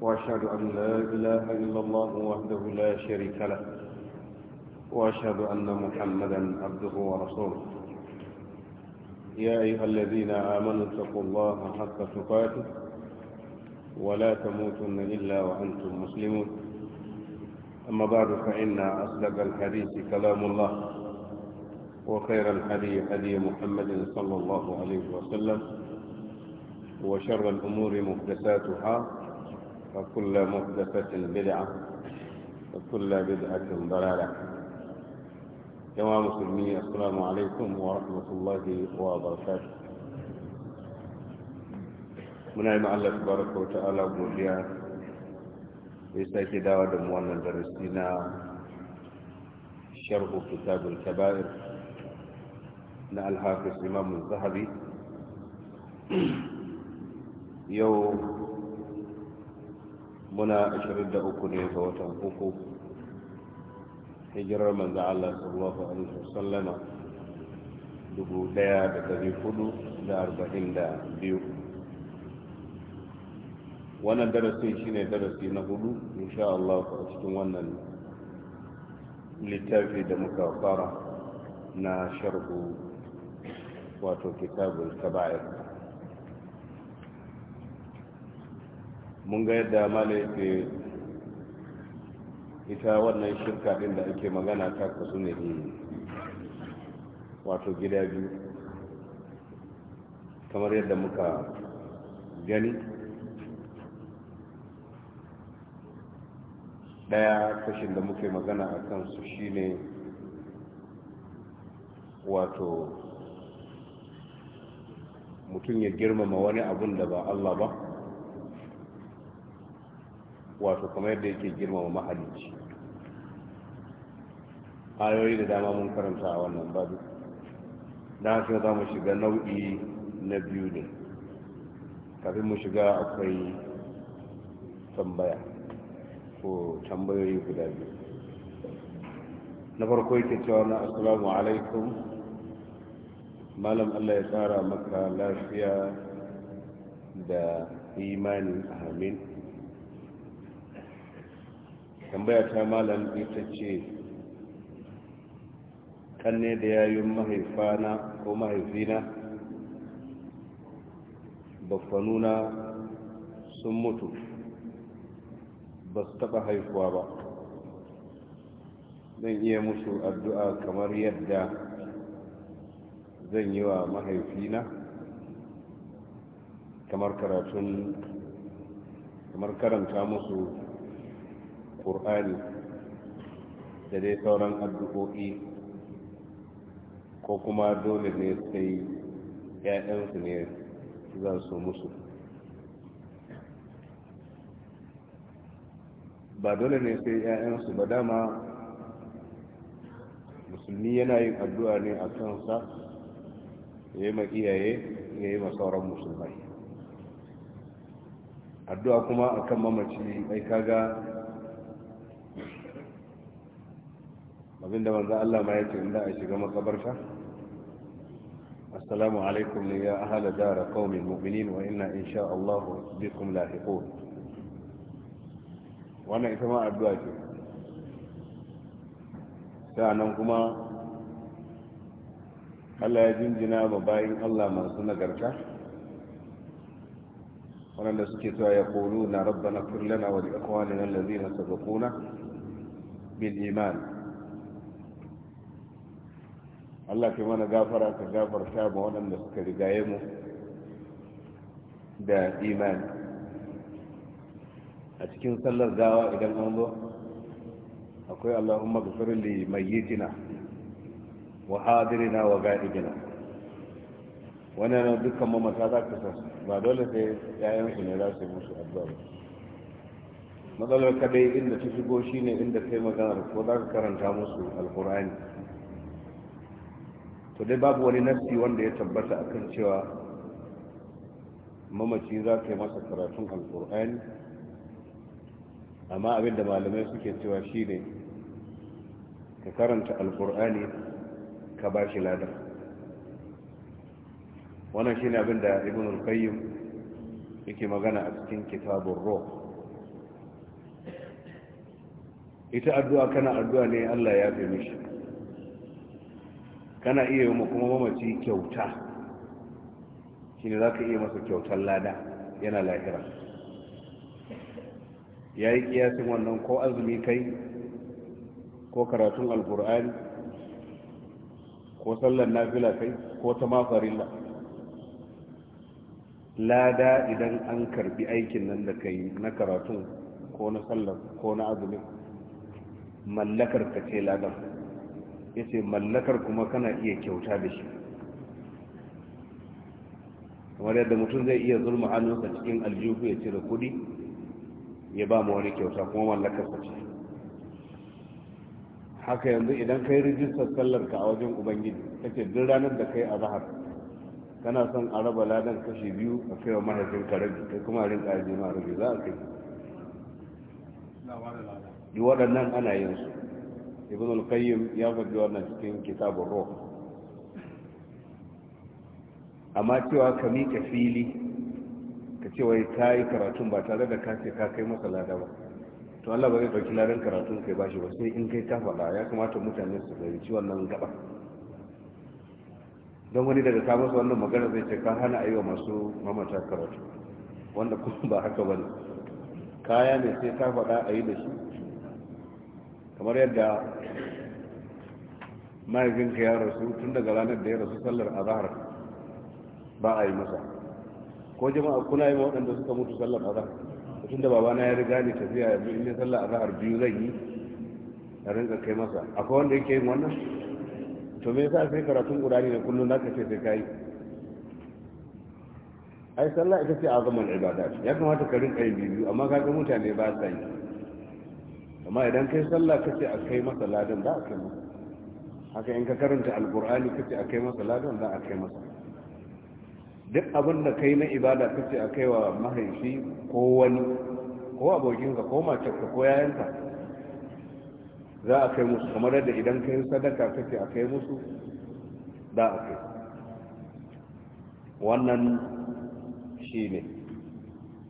وأشهد أن لا إله إلا الله وحده لا شريك له وأشهد أن محمدا عبده ورسوله يا أيها الذين آمنوا اتقوا الله حق تقاته ولا تموتن إلا وأنتم مسلمون أما بعد فإن أصدق الحديث كلام الله وخير الحديث هدي محمد صلى الله عليه وسلم وشر الأمور محدثاتها وكل مهدفة بدعة وكل بدعة ضلالة كما مسلمين السلام عليكم ورحمة الله وبركاته من أي مألف بارك وتعالى بوليا بيساكي دعوة دموانا درستينا شرح كتاب الكبائر نا الحافظ إمام الذهبي يوم muna 23 ne ga watan uku hijirar manzo Allah sallallahu alaihi wasallama 1442 wannan darasin shine darasi na hudu insha Allah a cikin wannan littafi da muka fara na sharhu wato kitabul kaba'ir mun ga yadda mala ke ita wannan shirka din da ake magana ta kasu ne wato gida biyu kamar yadda muka gani daya kashin da muke magana a kansu shine wato mutum ya girmama wani abun da ba Allah ba wato kamar yadda yake girmama mahalicci ayoyi da dama mun karanta a wannan babu da haka za mu shiga nau'i na biyu ne kafin mu shiga akwai tambaya ko tambayoyi guda biyu na farko yake cewa na assalamu alaikum malam allah ya tsara maka lafiya da imani amin tambaya ta malam ita ce kanne da yayin mahaifana ko mahaifina baffanuna sun mutu ba su taɓa haifuwa ba zan iya musu addu'a kamar yadda zan yi wa mahaifina kamar karatun kamar karanta musu alkur'ani da dai sauran addu'o'i ko kuma dole ne sai ‘ya'yansu ne za su musu ba dole ne sai ‘ya'yansu ba dama musulmi yana yin addu'a ne a kansa ya yi ma iyaye ya yi ma sauran musulmai addu'a kuma akan mamaci ai kaga da manzo Allah ma ya yace inda a shiga makabarta assalamu alaikum ne ya ahla dar qaumil mu'minin wa ina insha Allah bikum lahiqun wannan ita ma addu'a ce nan kuma Allah ya jinjina ma bayin Allah masu nagarta waɗanda suke cewa ya kolo na rabba na firlana wa da akwanin allazi na sabakuna bin iman Allah ke mana gafara ka gafarta ba waɗanda suka rigaye mu da imani a cikin sallar gawa idan an zo akwai Allahumma gafir li mayyitina wa hadirina wa ga'ibina wannan dukkan mamata za ka san ba dole sai yayansu ne za su yi musu addu'a matsalar kadai inda ta shigo shine inda kai maganar ko za ka karanta musu alkur'ani to dai babu wani nassi wanda ya tabbata akan cewa mamaci za ka yi masa karatun alkur'ani amma abin da malamai suke cewa shi ne, ka karanta alkur'ani ka ba shi ladar wannan abin abinda ibn al-qayyim yake magana a cikin kitabun roh ita addu'a kana addu'a ne Allah ya fi mishi kana iya yi kuma mamaci kyauta shi ne za ka iya masa kyautar lada yana lahira ya yi kiyasin wannan ko azumi kai ko karatun alkur'ani ko sallar nafila kai ko ta mafarilla lada idan an karbi aikin nan da kai na karatun ko na sallar ko na azumin mallakar ka ce ladan ya ce mallakar kuma kana iya kyauta da shi kamar yadda mutum zai iya zulma hannunsa cikin aljihu ya cire kudi ya ba mu wani kyauta kuma mallakarsa ce haka yanzu idan kai rijistar sallarka a wajen ubangiji kace duk ranar da kai a zahar kana son a raba ladan kashi biyu a kai wa ka rabi kai kuma rinka ajiye ma rabi za a kai duk waɗannan ana yin su ibn al-qayyim ya faɗi wannan cikin kitabun ruh amma cewa ka miƙa fili ka ce wai ta yi karatun ba tare da ka ce ka kai masa lada ba to Allah ba zai ɗauki ladan karatun kai bashi ba sai in kai ta faɗa ya kamata mutane su fahimci wannan gaba don wani daga ka masa wannan magana zai ce ka hana aiwa masu mamata karatu wanda kuma ba haka bane kaya ne sai ka faɗa a yi da shi kamar yadda mahaifinka ya rasu tun daga ranar da ya rasu sallar azahar ba a yi masa ko jama'a kuna yi waɗanda suka mutu sallar azahar tun da babana ya riga ni tafiya ya in yi sallar azahar biyu zan yi a rinka kai masa akwai wanda yake yin wannan to me yasa sai karatun qur'ani na kullum na ce sai kai ai sallah ita ce azaman ibada ya kamata ka rinka yin biyu amma kaga mutane ba sa yi amma idan kai sallah kace a kai masa ladan da a kai masa haka in ka karanta alqur'ani kace a kai masa ladan da a kai masa duk abin da kai na ibada kace a kai wa mahaifi ko wani ko abokinka ko matarka ko yayanka za a kai musu kamar da idan kai sadaka kace a kai musu da a kai wannan shi ne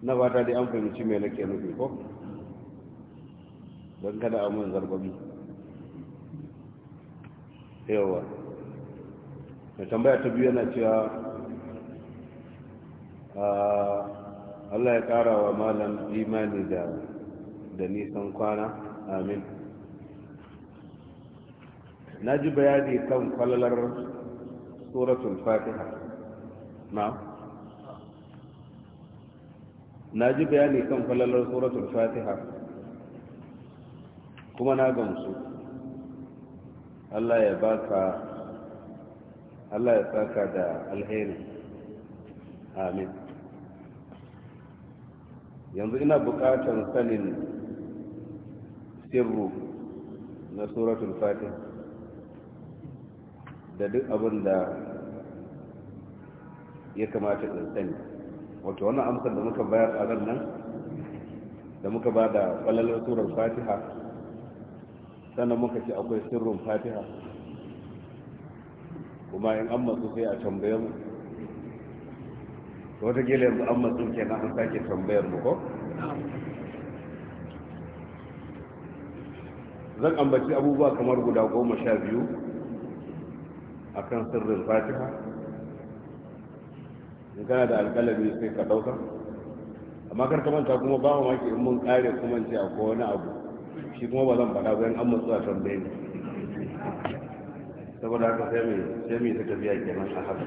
na ba ta dai an fahimci mai nake nufi ko don kada a mun zargwami yawa da tambaya ta biyu yana cewa Allah ya ƙara wa malam imani da da nisan kwana amin na ji bayani kan kwalalar tsoratun fatiha na na ji bayani kan kwalalar tsoratun fatiha kuma na gamsu Allah ya baka Allah ya saka da alheri amin yanzu ina bukatar sanin sirru na suratul fatih da duk abin da ya kamata in sani wato wannan amsar da muka bayar a nan da muka ba da falalar surar fatiha sannan muka ce akwai sirrin fatiha kuma in an matsu sai a tambaye mu wataƙila yanzu an matsu na an sake tambayar mu ko zan ambaci abubuwa kamar guda goma sha biyu a kan sirrin fatiha in kana da alƙalami sai ka ɗauka amma kar ka manta kuma ba mamaki in mun ƙare kuma ce akwai wani abu shi kuma ba zan faɗa bayan an matsu a tambaye ni saboda haka sai mai sai mai ta tafiya kenan a haka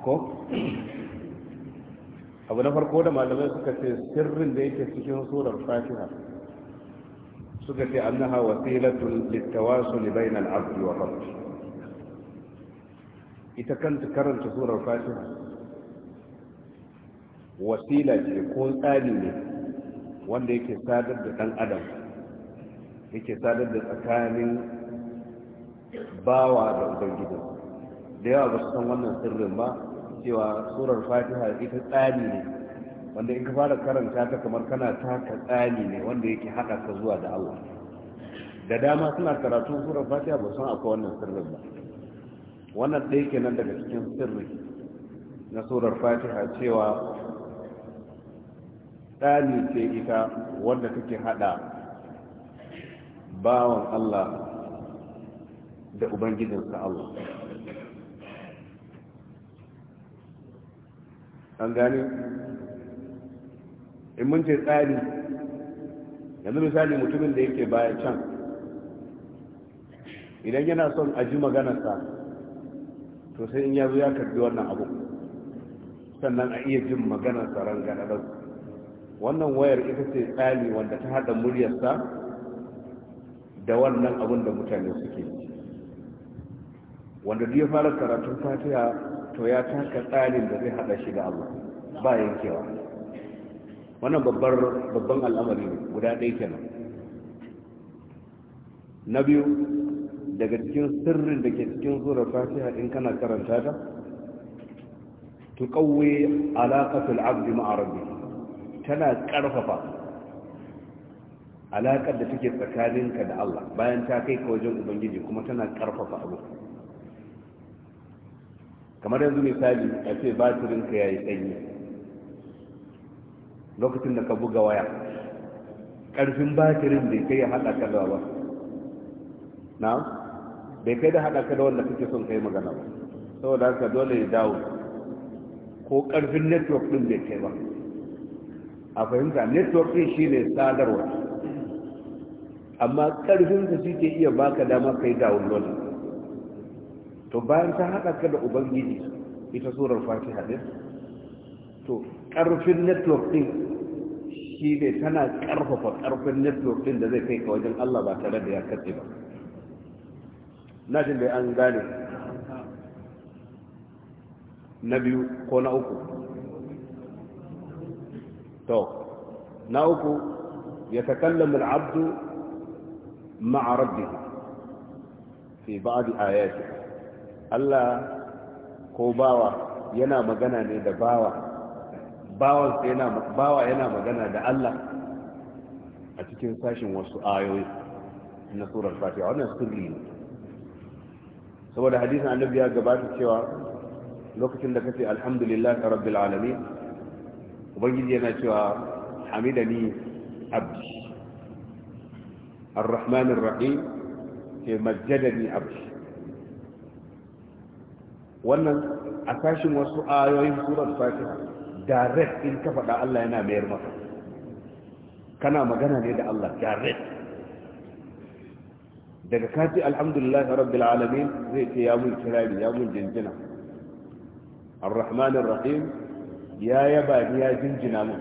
ko abu na farko da malamai suka ce sirrin da yake cikin surar fatiha suka ce annaha wasilatun littawasul bainal abdi wa rabbi ita kanta karanta surar fatiha wasila ce ko tsari ne wanda yake sadar da dan adam yake sadar da tsakanin bawa da ubangiji da yawa ba su san wannan sirrin ba cewa surar fatiha ita tsani ne wanda in ka fara karanta ta kamar kana taka tsani ne wanda yake haɗa ka zuwa da allah da dama suna karatu surar fatiha ba san akwai wannan sirrin ba wannan ɗaya kenan daga cikin sirri na surar fatiha cewa ɗani ce ita wanda take hada bawan Allah da ubangijinsa Allah an gani, in mun ce tsari yanzu misali mutumin da yake baya can idan yana son a ji maganarsa to sai in ya zo ya karbi wannan abu sannan a iya jin maganar saran ganadau wannan wayar ita ce tsali wanda ta hada muryarsa da wannan abin da mutane suke wanda duk ya fara karatun fatiha to ya taka tsalin da zai hada shi da Allah ba yankewa wannan babbar babban al'amari ne guda ɗaya kenan na biyu daga cikin sirrin da ke cikin surar fatiha in kana karanta ta tuqawwi alaqatul abdi ma'a rabbih tana ƙarfafa alaƙar da take tsakaninka da Allah bayan ta kai ka wajen ubangiji kuma tana ƙarfafa abu kamar yanzu misali a ce batirinka ya yi sanyi lokacin da ka buga waya ƙarfin batirin bai kai ya haɗa ka da ba na bai kai da haɗa ka da wanda kake son kai magana ba saboda haka dole ya dawo ko ƙarfin network ɗin bai kai ba a fahimta network ɗin shi ne sadarwa amma ƙarfinsa shi ke iya baka dama kai download to bayan ta haɗa ka da ubangiji ita surar fatiha ɗin to ƙarfin network ɗin shi ne tana ƙarfafa karfin network ɗin da zai kai ka wajen allah ba tare da ya katse ba na jin da an gane na biyu ko na uku na uku ya takallamu abdu ma'a rabbihi fi ba'di ayati Allah ko bawa yana magana da bawa bawan yana magana da Allah a cikin sashin wasu ayoyi na surar fatiha wannan sirri ne saboda hadisin annabi ya gabata cewa lokacin da kace alhamdulillahi rabbil alamin ubangiji yana cewa hamidani abdi ar-rahman ar-rahim ke abdi wannan a kashin wasu ayoyin surar fatiha direct in ka faɗa Allah yana mayar maka kana magana ne da Allah direct daga kaci alhamdulillah rabbil alamin zai ce ya mun kirari ya mun jinjina rahim ya yaba ni ya jinjina mun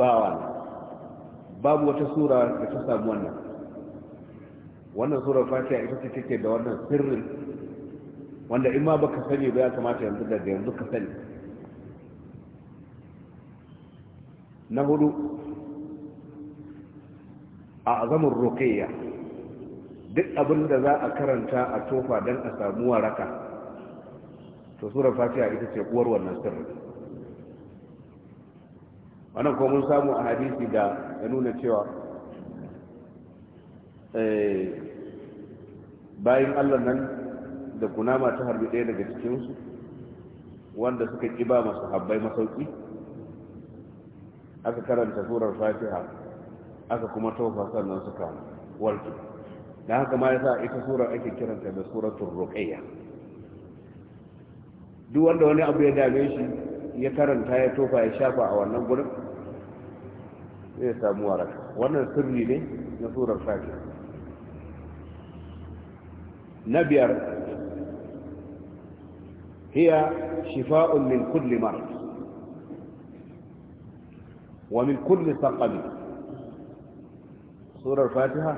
bawa babu wata sura da ta samu wannan wannan sura fatiha ita ce take da wannan sirrin wanda in ma baka sani ba ya kamata yanzu daga yanzu ka sani na hudu a azamin roƙiyya duk abin da za a karanta a tofa don a samu waraka to sura fatiha ita ce uwar wannan sirrin wannan kuma mun samu a hadisi da ya nuna cewa eh, bayan allah nan da kunama ta harbi ɗaya daga cikinsu wanda suka ƙiba masu habbai masauki aka karanta surar fatiha aka kuma tofa sannan suka walki da haka ma ya sa ita surar ake kiranta da suratul ruqayya duk wanda wani abu ya dame shi ya karanta ya tofa ya shafa a wannan gurin zai samu waraka wannan sirri ne na surar fatiha na biyar hiya shifa'un min kulli marad wa min kulli saqam surar fatiha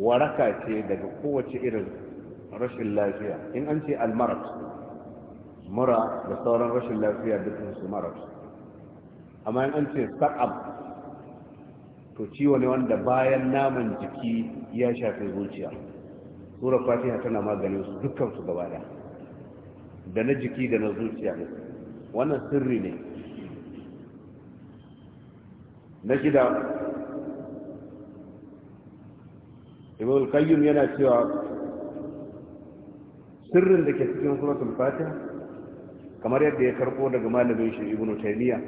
waraka ce daga kowace irin rashin lafiya in an ce al-marad mura da sauran rashin lafiya dukkan su mara amma yin an ce sa'ab to ciwo ne wanda bayan naman jiki ya shafi zuciya sura fatiha tana magani su dukkan su gaba da da na jiki da na zuciya wannan sirri ne na shida ibn qayyim yana cewa sirrin da ke cikin suratul fatiha kamar yadda ya karɓo daga malamin shi ibn taymiya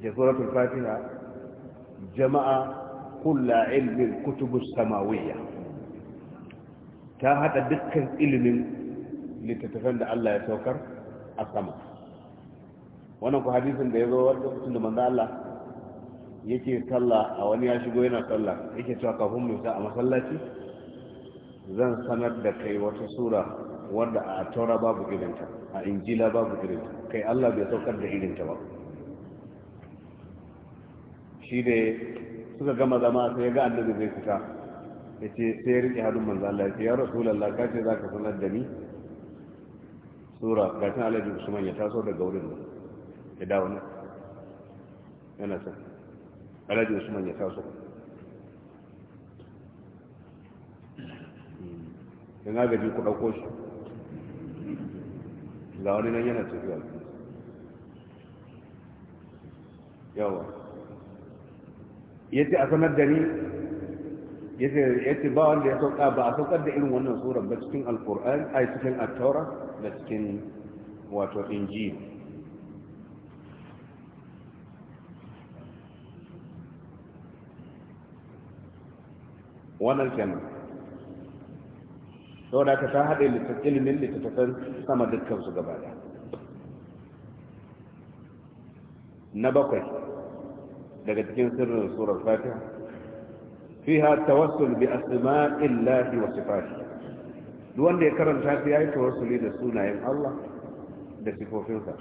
ke suratul fatiha jama'a kulla ilmin kutubus samawiyya ta hada dukkan ilimin littattafan da Allah ya saukar a sama wannan ku hadisin da ya zo wanda da manzo Allah yake sallah a wani ya shigo yana sallah yake cewa kafin mu sa a masallaci zan sanar da kai wata sura wanda a taura babu irinta a injila babu irinta kai allah bai saukar da irinta ba shi da suka gama zama sai ya ga annabi zai fita ya ce sai ya riƙe hannun manzan Allah ya ce ya rasulallah ka ce za ka sanar da ni sura ga tun usman ya taso daga wurin nan ya dawo nan yana san alhaji usman ya taso hmm. yana gaji ku ɗauko shi ga wani nan yana tafiya yawa yace a sanar da ni yace yace ba wanda ya sauka ba a saukar da irin wannan surar ba cikin alqur'ani ai cikin at-taura da cikin wato injil wannan kenan saboda ka ta haɗe ilimin littattafan sama dukkan su gaba da na bakwai daga cikin sirrin surar fatiha fiha tawassul bi asma'illahi wa sifatihi duk wanda ya karanta su yayi tawassuli da sunayen Allah da sifofinsa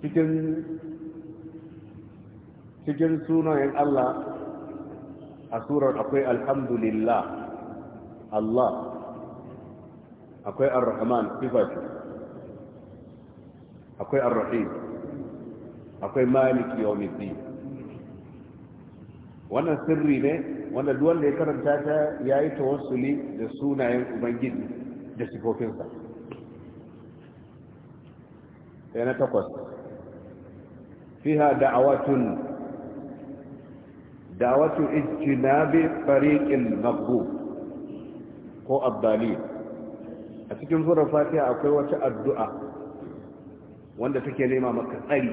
cikin cikin sunayen Allah a surar akwai alhamdulillah Allah akwai ar-rahman sifa ce akwai ar-rahim akwai maliki yawmiddi wannan sirri ne wanda duk wanda ya karanta ta yayi tawassuli da sunayen ubangiji da sifofinsa sai na takwas fiha da'awatun da'awatu ijtinabi fariqin maghdub ko abdalil a cikin surar fatiha akwai wata addu'a wanda take nema maka tsari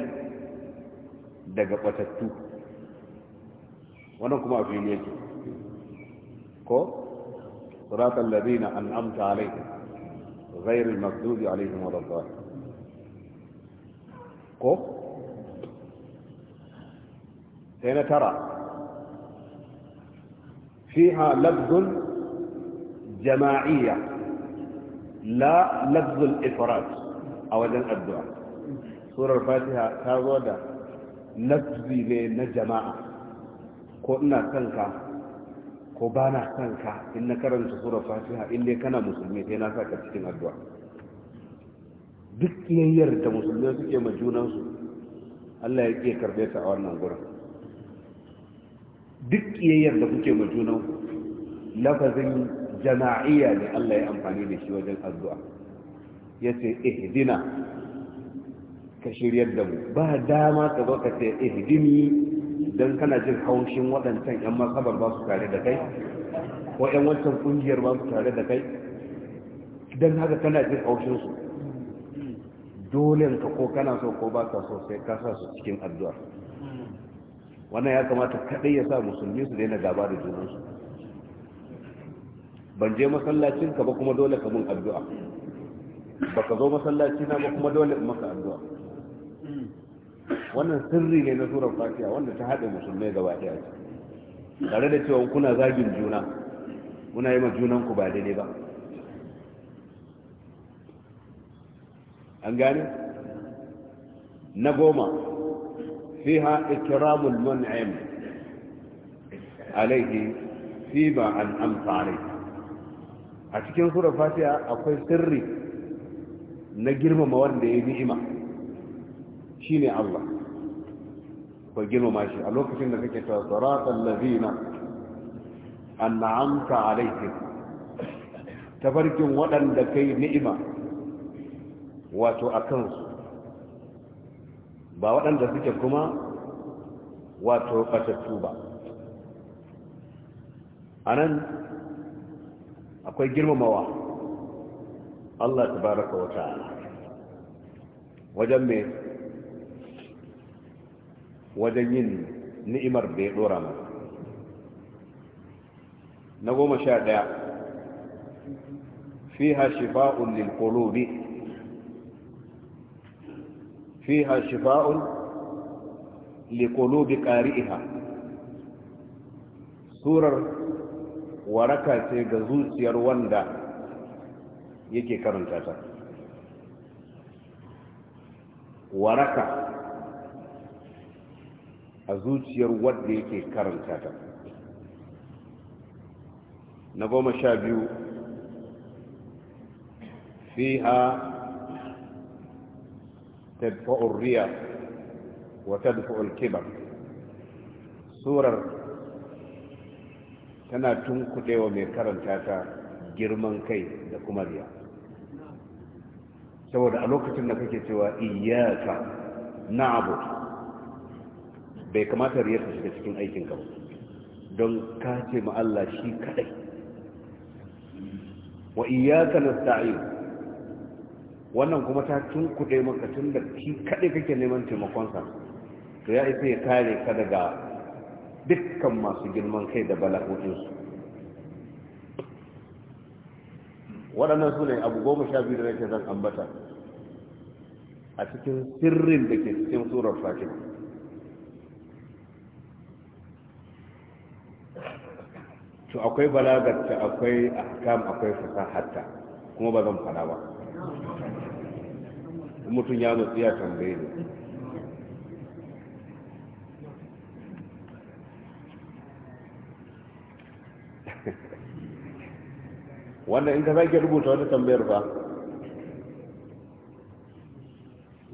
daga kwatattu wannan kuma a fili yake ko suratul ladina an'amta alaihim غير المغضوب عليهم ولا الضالين ko sai na tara fiha labdun jama'iyya la lafzul ifrat a wajen addu'a surar fatiha ta zo da lafzi ne na jama'a ko ina son ka ko ba na son ka in na karanta surar fatiha in dai kana musulmi sai na saka cikin addu'a duk da musulmi suke ma junansu Allah ya iya karbe ta a wannan gurin duk kiyayyar da kuke ma junanku lafazin jama'iyya ne Allah ya amfani da shi wajen addu'a yace dina ka shiryar da mu ba dama ka zo ka ce ihdini dan kana jin haushin waɗancan yan masabar ba su tare da kai ko yan wancan kungiyar ba su tare da kai dan haka kana jin haushin su dole ka ko kana so ko ba ka so sai ka sa su cikin addu'a wannan ya kamata kaɗai ya sa musulmi su daina gaba da junansu ban je masallacin ka ba kuma dole ka mun addu'a ka zo masallacin ba kuma dole in maka addu'a wannan sirri ne na surar fatiha wanda ta haɗe musulmai gaba ɗaya tare da cewa kuna zagin juna kuna yi ma junan ku ba daidai ba an gane na goma fiha ikramul mun'im alayhi fi ba an amsa alayhi a cikin sura fatiha akwai sirri na girmama wanda ya yi ni'ima shine Allah ko girmama shi a lokacin da kake cewa siratal ladina an'amta alaihim tafarkin waɗanda kai ni'ima wato a kansu ba waɗanda suke kuma wato fatattu ba a nan akwai girmamawa Allah tabaraka wa ta'ala wajen mai wajen yin ni'imar da ya dora mai na goma sha ɗaya fiha shifa'un lilkolobi fi ha shifa'un li qulubi qari'iha surar waraka ce ga zuciyar wanda yake karanta ta waraka a zuciyar wanda yake karanta ta na goma sha biyu fi fiha riya wa وتدفع kibar surar tana tun kudewa mai karanta ta girman kai da kuma riya saboda a lokacin da kake cewa iyaka na abu bai kamata riya ta shiga cikin aikin ka don ka ce ma Allah shi kadai wa iyaka nasta'in wannan kuma ta tunkuɗe maka tun da shi kadai kake neman taimakonsa to ya isa ya kare ka daga dukkan masu girman kai da bala'o'insu waɗannan su ne abu goma sha biyu da nake zan ambata a cikin sirrin da ke cikin surar fatima to akwai balagarta akwai ahkam akwai hatta kuma ba zan fada ba mutum ya nutsu ya tambaye ne wannan in ka sake rubuta wata tambayar fa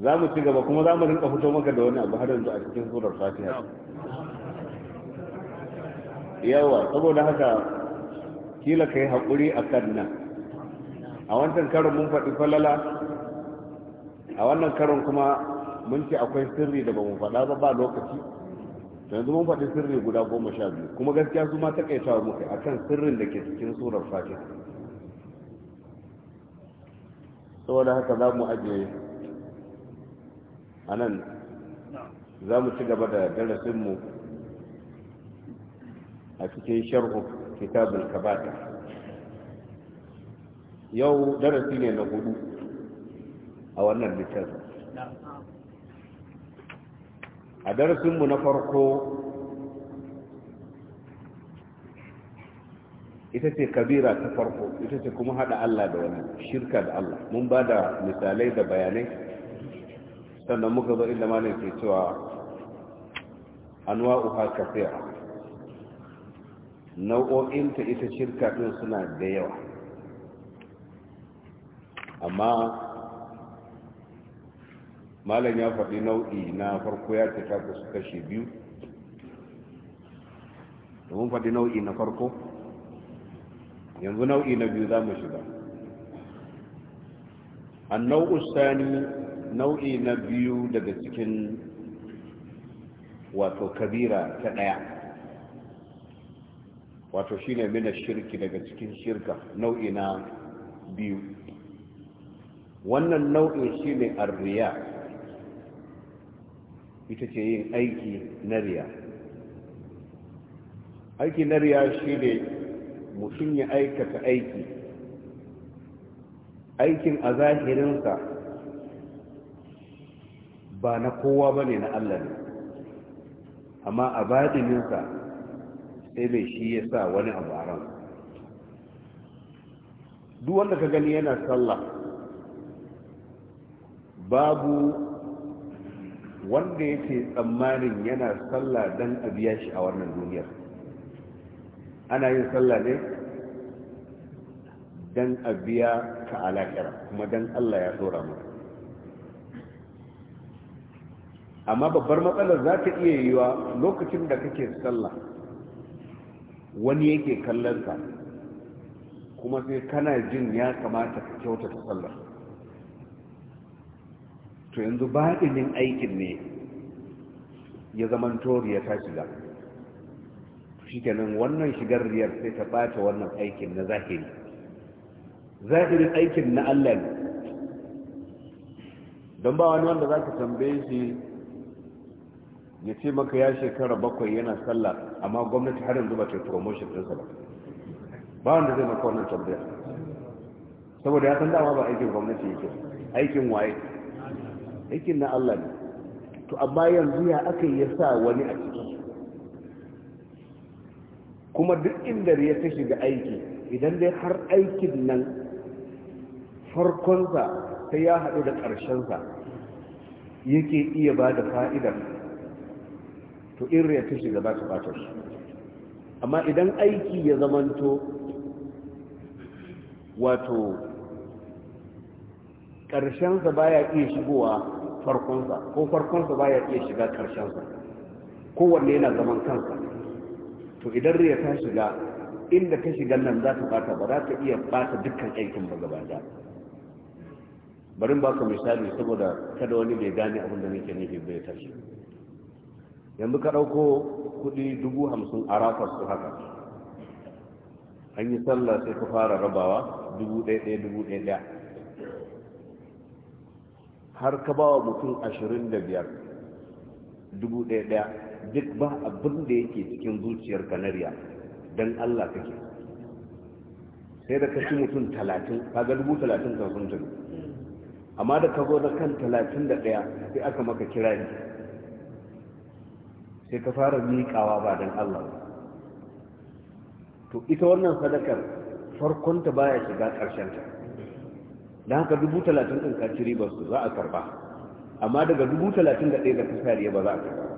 za mu ci gaba kuma za mu rinka fito maka da wani abu har yanzu a cikin surar fatiha yawa saboda haka kila ka yi haƙuri a kan nan a wancan karin mun faɗi falala a wannan karin kuma mun ce akwai sirri da ba mu faɗa ba ba lokaci yanzu mun faɗi sirri guda goma sha biyu kuma gaskiya su ma takaita muka a kan sirrin da ke cikin surar fatin saboda haka za mu ajiye a nan za mu ci gaba da darasinmu a cikin sharhu kitabul kabata yau darasi ne na hudu a wannan littafin a darasinmu na farko ita ce kabira ta farko ita ce kuma hada Allah da wani shirka da Allah mun ba da misalai da bayanai sannan muka zo inda malin ke cewa anwa'u ha kafira ta ita shirka din suna da yawa amma malam ya faɗi nau'i na farko ya ce ta su kashe biyu domin faɗi nau'i na farko yanzu nau'i na biyu za mu shiga an nau'u sani nau'i na biyu daga cikin wato kabira ta ɗaya wato shine mina shirki daga cikin shirka nau'i na biyu wannan nau'in shine arriya ita ce yin aiki na riya aiki na riya shi ne mutum ya aikata aiki aikin a zahirinsa ba na kowa ba ne na allah ne amma a bajininsa sai mai shi ya sa wani abu a duk wanda ka gani yana sallah babu wanda yake tsammanin yana sallah dan a biya shi a wannan duniyar ana yin sallah ne dan a biya ka alaƙira kuma dan Allah ya tsora mu amma babbar matsalar za ta iya yiwa lokacin da kake sallah wani yake kallon ka kuma sai kana jin ya kamata ka kyautata sallar to yanzu baɗinin aikin ne ya zaman toriya ta shiga shi kenan wannan shigar riyar sai ta ɓata wannan aikin na zahiri zahirin aikin na allah ne don ba wani wanda za ka tambaye shi ya ce maka ya shekara bakwai yana sallah amma gwamnati har yanzu ba ta promotion ɗinsa ba ba wanda zai maka wannan tambaya saboda ya san dama ba aikin gwamnati yake aikin waye aikin na Allah ne to amma yanzu ya aka yi ya sa wani a ciki kuma duk inda ya ta shiga aiki idan dai har aikin nan farkonsa ta ya haɗu da ƙarshensa yake iya ba da fa'idar to in ya ta shiga ba ta ɓatar amma idan aiki ya zamanto wato ƙarshensa baya iya shigowa farkonsa ko farkonsa baya iya shiga ƙarshensa kowanne yana zaman kansa to idan riya ta shiga inda ka shiga nan za ta bata ba za ka iya bata dukkan aikin ba gaba da bari ba ka misali saboda kada wani bai gane abin da nake nufi bai tashi yanzu ka ɗauko kuɗi dubu hamsin a su haka an yi sallah sai ka fara rabawa dubu ɗaya ɗaya dubu ɗaya ɗaya har ka ba wa mutum ashirin da biyar dubu ɗaya ɗaya duk ba abin da yake cikin zuciyar kanariya don allah kake sai da kashi mutum talatin kaga dubu talatin kan sun amma da ka zo da kan talatin da ɗaya sai aka maka ne sai ka fara miƙawa ba don allah to ita wannan sadakar farkonta baya shiga ƙarshenta da haka dubu talatin ɗin ka ci ribar su za a karba amma daga dubu talatin da ɗaya da ka sariya ba za a karba ba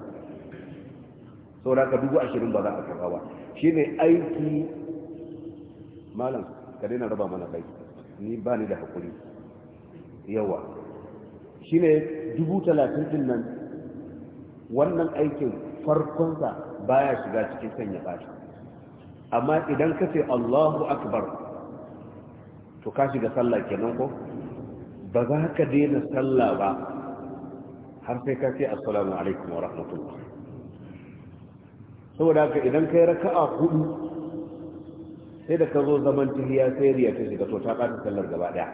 saura ka dubu ashirin ba za a karba ba shi ne aiki malam ka daina raba mana kai ni ba ni da hakuri. yawa shi ne dubu talatin ɗin nan wannan aikin farkonsa baya shiga cikin sanya ɓaci amma idan ka ce allahu akbar to ka shiga sallah kenan ko ba za ka daina sallah ba har sai ka ce assalamu alaikum wa rahmatullah saboda haka idan kai raka'a hudu sai da ka zo zaman tahiya sai riya ta shiga to ta ƙara sallar gaba daya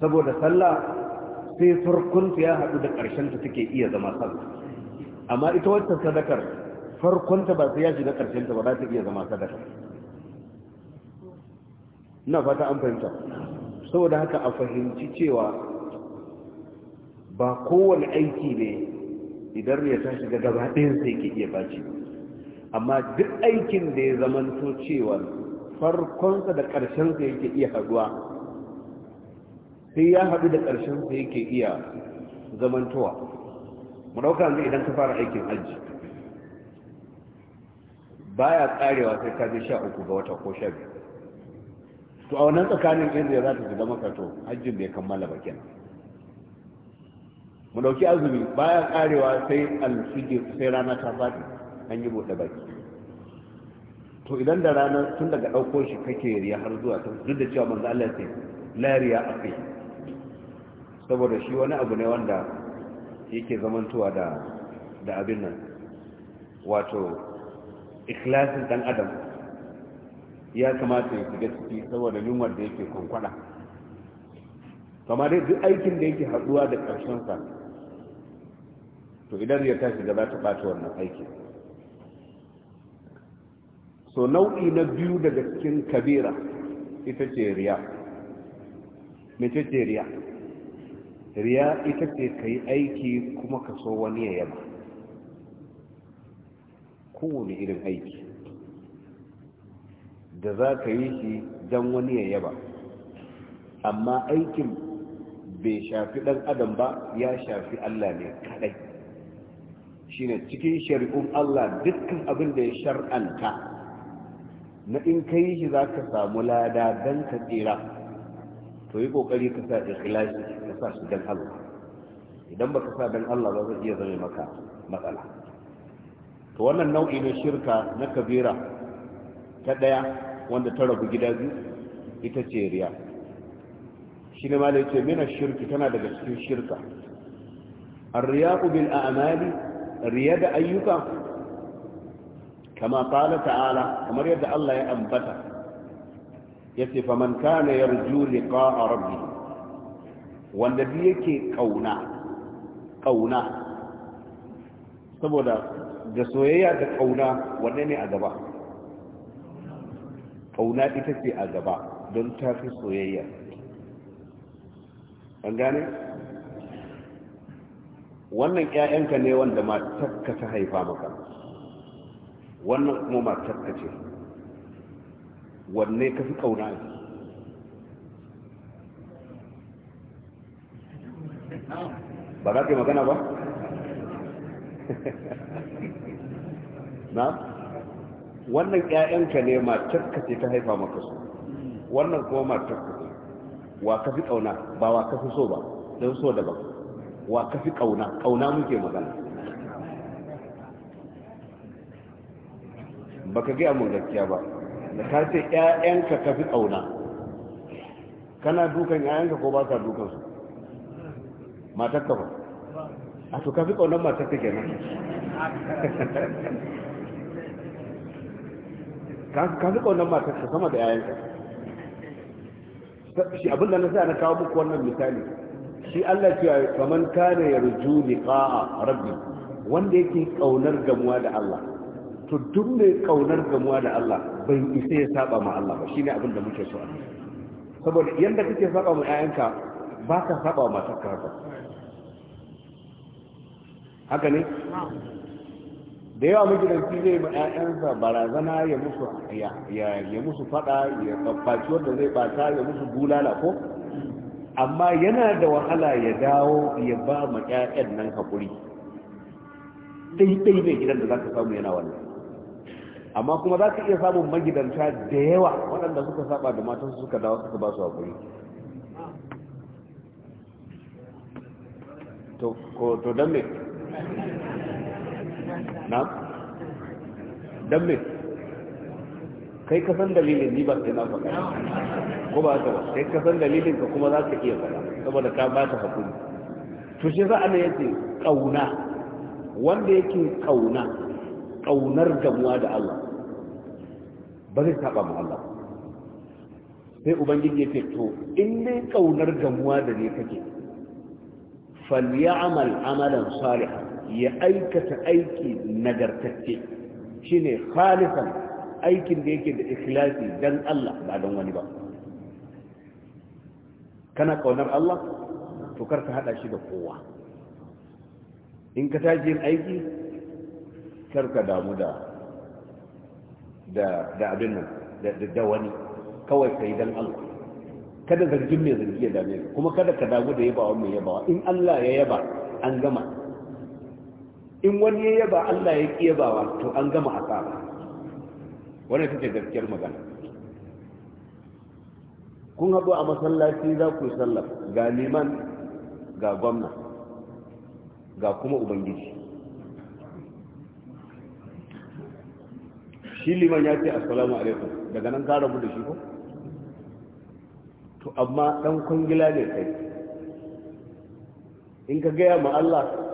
saboda sallah sai farkonta ya haɗu da ƙarshen ta take iya zama sallah amma ita wacce sadakar farkonta ba sai ya shiga ƙarshen ta ba za ta iya zama sadakar na fata an fahimta saboda haka a fahimci cewa ba kowane aiki ne idan ya tashi ga gaba ɗin sai ke iya baci amma duk aikin da ya zamanto cewa farkonsa da ƙarshensa yake iya haduwa sai ya haɗu da ƙarshensa yake iya zamantowa mu ɗauka yanzu idan ka fara aikin hajji baya karewa sai ka je sha uku ga wata ko sha biyu to a wannan tsakanin inda za ta shiga maka to hajjin bai kammala ba kenan mu dauki azumi baya karewa sai alfijir sai rana ta fadi an yi bude baki to idan da rana tun daga dauko shi kake riya har zuwa ta duk da cewa manzo Allah sai la riya akai saboda shi wani abu ne wanda yake zamantowa da da abin nan wato ikhlasin dan adam ya kamata ya shiga ciki saboda yunwar da yake kwankwada kamar dai duk aikin da yake haɗuwa da ƙarshensa to idan ya tashi da ta ɓata wannan aiki so nau'i na biyu daga cikin kabira ita ce riya mace ce riya riya ita ce ka yi aiki kuma ka so wani ya yaba kowane irin aiki da za ka yi shi don wani ya yaba amma aikin bai shafi ɗan adam ba ya shafi Allah ne kaɗai shi ne cikin shari'un Allah dukkan abin da ya shar'anta na in ka yi shi za ka samu lada don ka tsira to yi ƙoƙari ka sa ikhlasi ka sa shi don Allah idan ba ka sa don Allah ba zai iya zama maka matsala to wannan nau'i na shirka na kabira ta ɗaya wanda ta rabu gida biyu ita ce riya shi ne malai ce mina shirki tana daga cikin shirka a riya ubin a amali riya da ayyuka kama kala ta'ala kamar yadda Allah ya ambata ya ce faman kane ya rju a rabbi wanda bi yake ƙauna ƙauna saboda da soyayya da ƙauna wanda ne a gaba kauna ita ce a gaba don ta fi soyayya an gane wannan ƴaƴanka ne wanda matakka ta haifa maka wannan kuma matakka ce wanne ka fi kauna ne ba za ka yi magana ba na wannan ƴaƴanka ne matar ka ce ta haifa maka su wannan kuma matar ka ce wa ka fi kauna ba wa ka fi so ba don so daban wa ka fi kauna kauna muke magana ba ka gaya mun gaskiya ba da ka ce ƴaƴanka ka fi kauna kana dukan ƴaƴanka ko ba ka dukan su matar ka ba a to ka fi kaunar matar ka kenan ka fi matar ka sama da yayanka shi abin da na sa na kawo muku wannan misali shi Allah cewa faman kana yarju liqa'a rabbi wanda yake kaunar gamuwa da Allah to duk mai kaunar gamuwa da Allah bai isa ya saba ma Allah ba shine abin da muke so a saboda yanda kake saba ma yayanka ba ka saba ma matarka haka haka ne da yawa magidanci zai yi 'ya'yansa barazana ya musu ya musu fada ya faci wanda zai bata ya musu bulala ko amma yana da wahala ya dawo ya ba ma 'ya'yan nan dai dai mai gidan da za ka samu yana wannan amma kuma za ka iya samun magidanta da yawa waɗanda suka saba da matansu suka dawo suka ba su hakuri to dan me na don me kai ka san dalilin ni ba sai na faɗa ko ba ta ba kai ka san dalilin ka kuma za ka iya faɗa saboda ka ba ta hakuri to shi za a ne yace kauna wanda yake kauna kaunar gamuwa da Allah ba zai saba ma Allah sai ubangiji yace to in dai kaunar gamuwa da ne kake falyamal amalan salihan ya aikata aiki nagartacce shine khalisan aikin da yake da ikhlasi dan Allah ba don wani ba kana kaunar Allah to kar ka hada shi da kowa in ka tashi yin aiki kar ka damu da abin nan da wani kawai ka yi dan Allah kada zargin mai zargi ya dame kuma kada ka damu da yaba yabawa mai yabawa in Allah ya yaba an gama in wani ya yaba Allah ya ƙi yabawa to an gama tsara Wani ita ce gaskiyar magana kun haɗu a masallaci za ku yi sallar ga liman ga gwamna ga kuma ubangiji shi liman ya ce assalamu alaikum daga nan gara mu da shi ko to amma ɗan kwangila ne kai in ka gaya ma Allah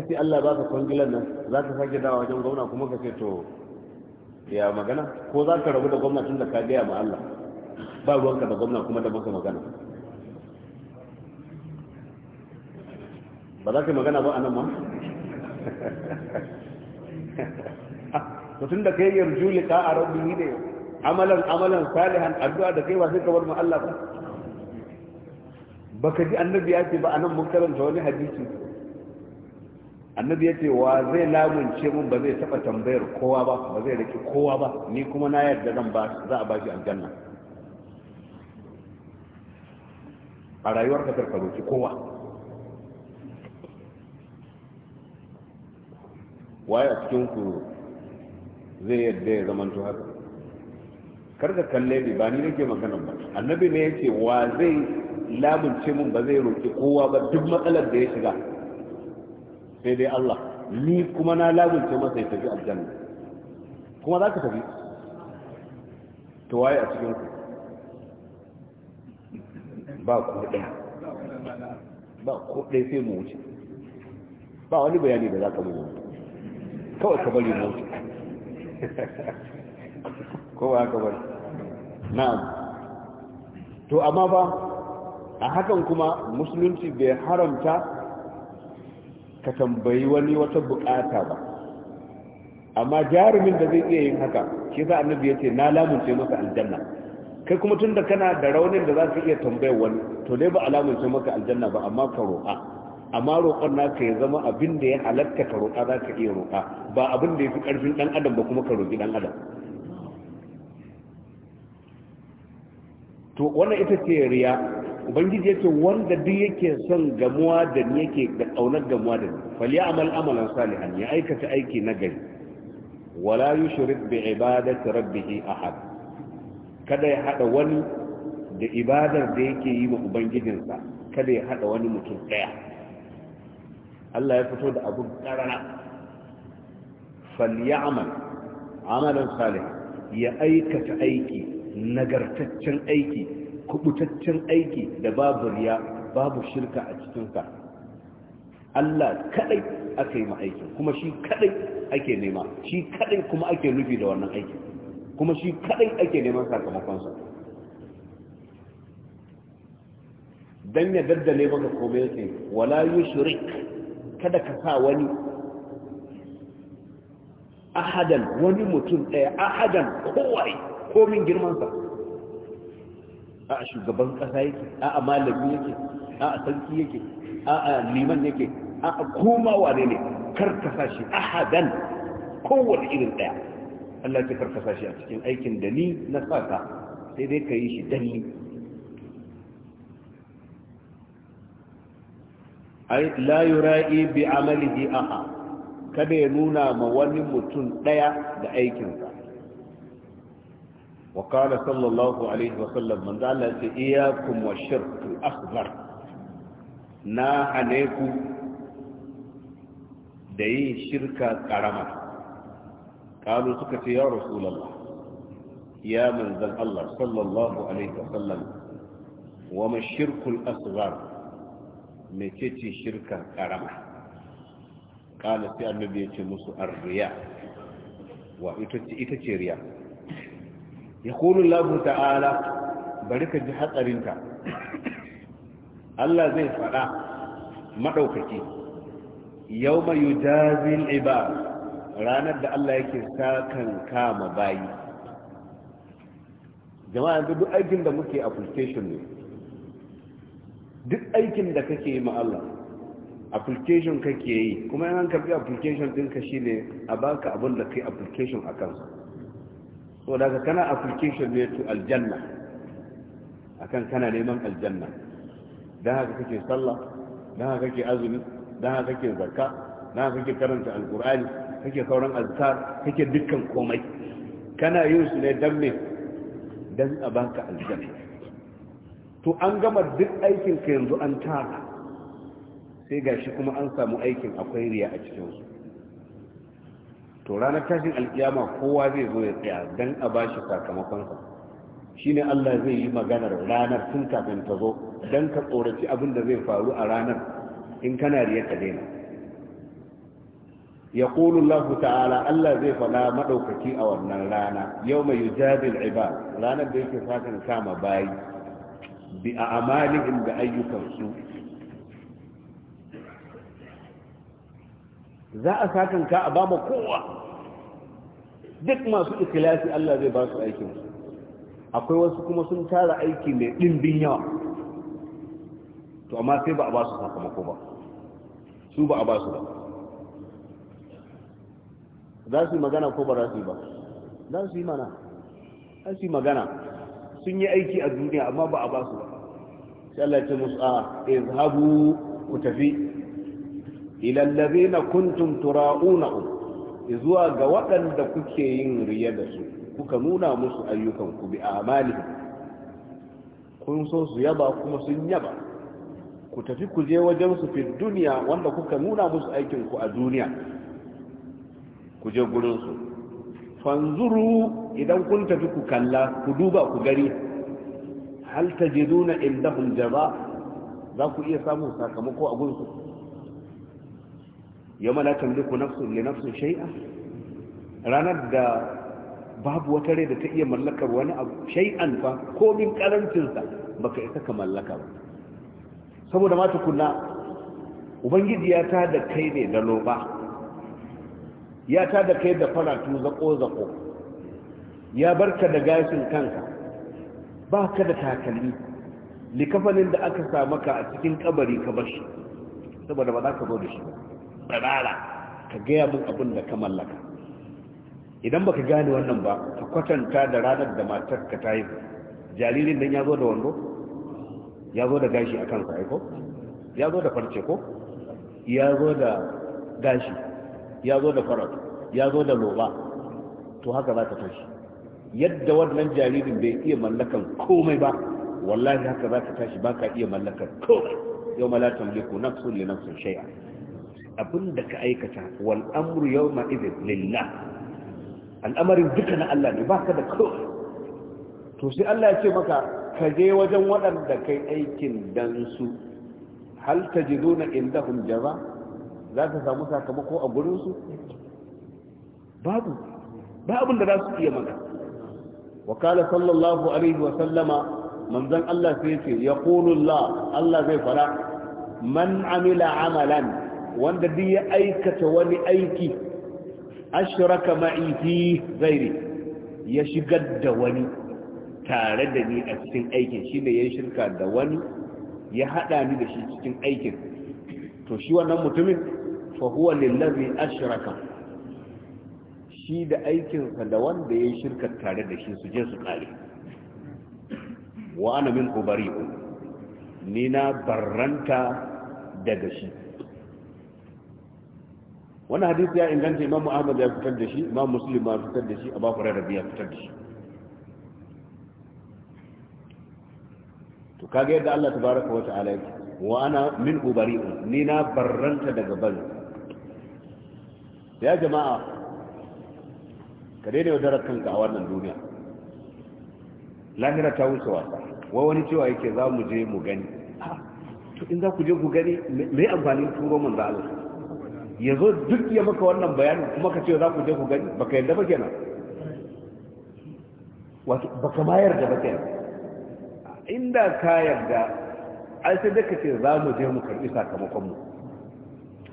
ka ce Allah ba ka kwangilan nan za ka sake dawa wajen gwamna kuma ka ce to ya magana ko za ka rabu da gwamna tun da ka gaya ma Allah ba ruwanka da gwamna kuma da maka magana ba za ka magana ba a nan ma mutum da kai yarju liqa a rabbihi ne amalan amalan salihan addu'a da kai ba sai ka bar mu Allah ba baka ji annabi ya ce ba anan mun karanta wani hadisi annabi ya ce wa zai lamunce mun ba zai taɓa tambayar kowa ba ba zai rike kowa ba ni kuma na yadda zan ba za a ba aljanna a rayuwar ka karka roki kowa waye a cikin ku zai yadda ya to haka kar ka kalle ni ba ni nake magana ba annabi ne ya ce wa zai lamunce mun ba zai roki kowa ba duk matsalar da ya shiga sai dai Allah ni kuma na lagunce masa ya tafi aljanna kuma za ka tafi to waye a cikin ku ba ku ɗaya ba ku ɗaya sai mu wuce ba wani bayani da za ka mu wuce kawai ka bari mu wuce ko ba ka bari na'am to amma ba a hakan kuma musulunci bai haramta ka tambayi wani wata bukata ba amma jarumin da zai iya yin haka shi za annabi ya ce na lamunce maka aljanna kai kuma tun da kana da raunin da za ka iya tambayar wani to dai ba a lamunce maka aljanna ba amma ka roƙa amma roƙon naka ya zama abin da ya halatta ka roƙa za ka iya roƙa ba abin da ya fi ƙarfin ɗan adam ba kuma ka roƙi ɗan adam to wannan ita ce riya ubangiji yake wanda duk yake son gamuwa da ni yake da kaunar gamuwa da ni fal ya'mal amalan salihan ya aikata aiki na gari wala yushrik bi ibadati rabbih ahad kada ya hada wani da ibadar da yake yi wa ubangijinsa kada ya hada wani mutum daya Allah ya fito da abu karana fal ya'mal amalan salihan ya aikata aiki nagartaccen aiki kubutaccen aiki da babu riya babu shirka a cikinsa Allah kadai aka yi kuma shi kadai ake nema shi kadai kuma ake nufi da wannan aiki kuma shi kadai ake neman sakamakonsa dan ya daddale maka komai yake wala yushrik kada ka sa wani ahadan wani mutum daya ahadan kowai komin girmansa a shugaban ƙasa yake a malami yake a sarki yake a liman yake a koma wane ne karkasa shi ahadan kowane irin ɗaya Allah ce karkasa shi a cikin aikin da ni na saka sai dai ka yi shi dan ni. la yura'i bi amalihi aha kada ya nuna ma wani mutum ɗaya da aikinsa wa qala sallallahu alaihi wa sallam man da Allah ce iyyakum wa shirku akbar na haneku da yin shirka karama kalu suka ce ya rasulullah ya manzan Allah sallallahu alaihi wa sallam wa ma shirkul asghar mecece shirka karama kala sai annabi ya ce musu arriya wa ita ce riya يقول الله تعالى برك جهات أرنك الله زي فلا مدوكك يوم يجازي العباد ranar da Allah yake sakan kama bayi jama'a duk aikin da muke a application ne duk aikin da kake yi ma Allah application kake yi kuma yan karbi application ɗinka shine a baka abin da kai application a kansa so daga kana application ne to aljanna akan kana neman aljanna dan haka kake sallah dan haka kake azumi dan haka kake zakka dan haka kake karanta alqur'ani kake sauran azkar kake dukkan komai kana yin su ne dan me dan a baka aljanna to an gama duk aikin ka yanzu an tara sai gashi kuma an samu aikin akwai riya a cikin su to ranar tashin alkiyama kowa zai zo ya tsaya don a ba shi sakamakonsa shine Allah zai yi maganar ranar tun kafin ta zo don ka tsoraci abin da zai faru a ranar in kana riya ka daina ya Allah ta'ala Allah zai faɗa maɗaukaki a wannan rana yau mai yujabil ibad ranar da yake fatan kama bayi bi a amalin da ayyukansu za a sakanka a bama kowa duk masu ikilasi Allah zai ba su aikin akwai wasu kuma sun tara aiki mai ɗimbin yawa to amma sai ba a ba su sakamako ba su ba a ba su ba za su yi magana ko ba za su yi ba za su yi mana za su yi magana sun yi aiki a duniya amma ba a ba su ba sai Allah ce musu a ku tafi ilallabe na kuntum tura'unahu zuwa ga waɗanda kuke yin riya da su kuka nuna musu ayyukan ku bi amali kun so su yaba kuma sun yaba ku tafi ku je wajen su fi duniya wanda kuka nuna musu aikinku a duniya ku je gurinsu fanzuru idan kun tafi ku kalla ku duba ku gari hal tajiduna indahum jaba za ku iya samun sakamako a gunsu yau la tamliku nafsun li nafsin shay'a ranar da babu wata rai da ta iya mallakar wani abu shay'an fa komin baka isa ka mallaka ba saboda ma tukunna ubangiji ya ta da kai ne da loba ya ta da kai da faratu zako zako ya barka da gashin kanka ba ka da takalmi likafanin da aka sa maka a cikin kabari ka bashi saboda ba za ka zo da shi ba tsirara ka gaya mun abin da ka mallaka idan baka gane wannan ba ka kwatanta da ranar da matar ka ta yi jaririn nan ya zo da wando ya zo da gashi a kansa aiko ya zo da farce ko ya zo da gashi ya zo da farat ya zo da loba to haka za ka tashi yadda wannan jaririn bai iya mallakan komai ba wallahi haka za ka tashi ba ka iya mallakan komai yau malatan liku nafsun li nafsin shay'a abin da ka aikata wal amru yawma idhin al'amarin duka na Allah ne ba ka da ko to sai Allah ya ce maka ka je wajen waɗanda kai aikin dan su hal inda indahum jaza za ka samu sakamako a gurinsu? su babu ba abin da za su iya maka wa sallallahu alaihi wa sallama manzon Allah sai ce ya Allah Allah zai fara man amila amalan wanda duk ya aikata wani aiki ashraka ma'i fi ghairi ya shigar da wani tare da ni a cikin aikin shi ne ya shirka da wani ya hada ni da shi cikin aikin to shi wannan mutumin fa huwa lillazi ashraka shi da aikinsa da wanda ya shirka tare da shi su je su kare wa ana min ubari'u ni na barranta daga shi wani hadisi ya inganta imam ahmad ya fitar da shi imam muslim ma fitar da shi abu hurairah ya fitar da shi to kaga yadda Allah ta baraka wata yake wa ana min ubari ni na barranta daga bari ya jama'a ka daina yaudarar kanka a wannan duniya lahira ta wuce wasa wa wani cewa yake za mu je mu gani ah, to in za ku je ku gani mai amfani turo manzo Allah ya zo duk ya maka wannan bayanin kuma ka ce za ku je ku gani baka yadda ba kenan wato baka mayar da ba kenan inda ka yarda ai sai da kace za mu je mu karbi sakamakon mu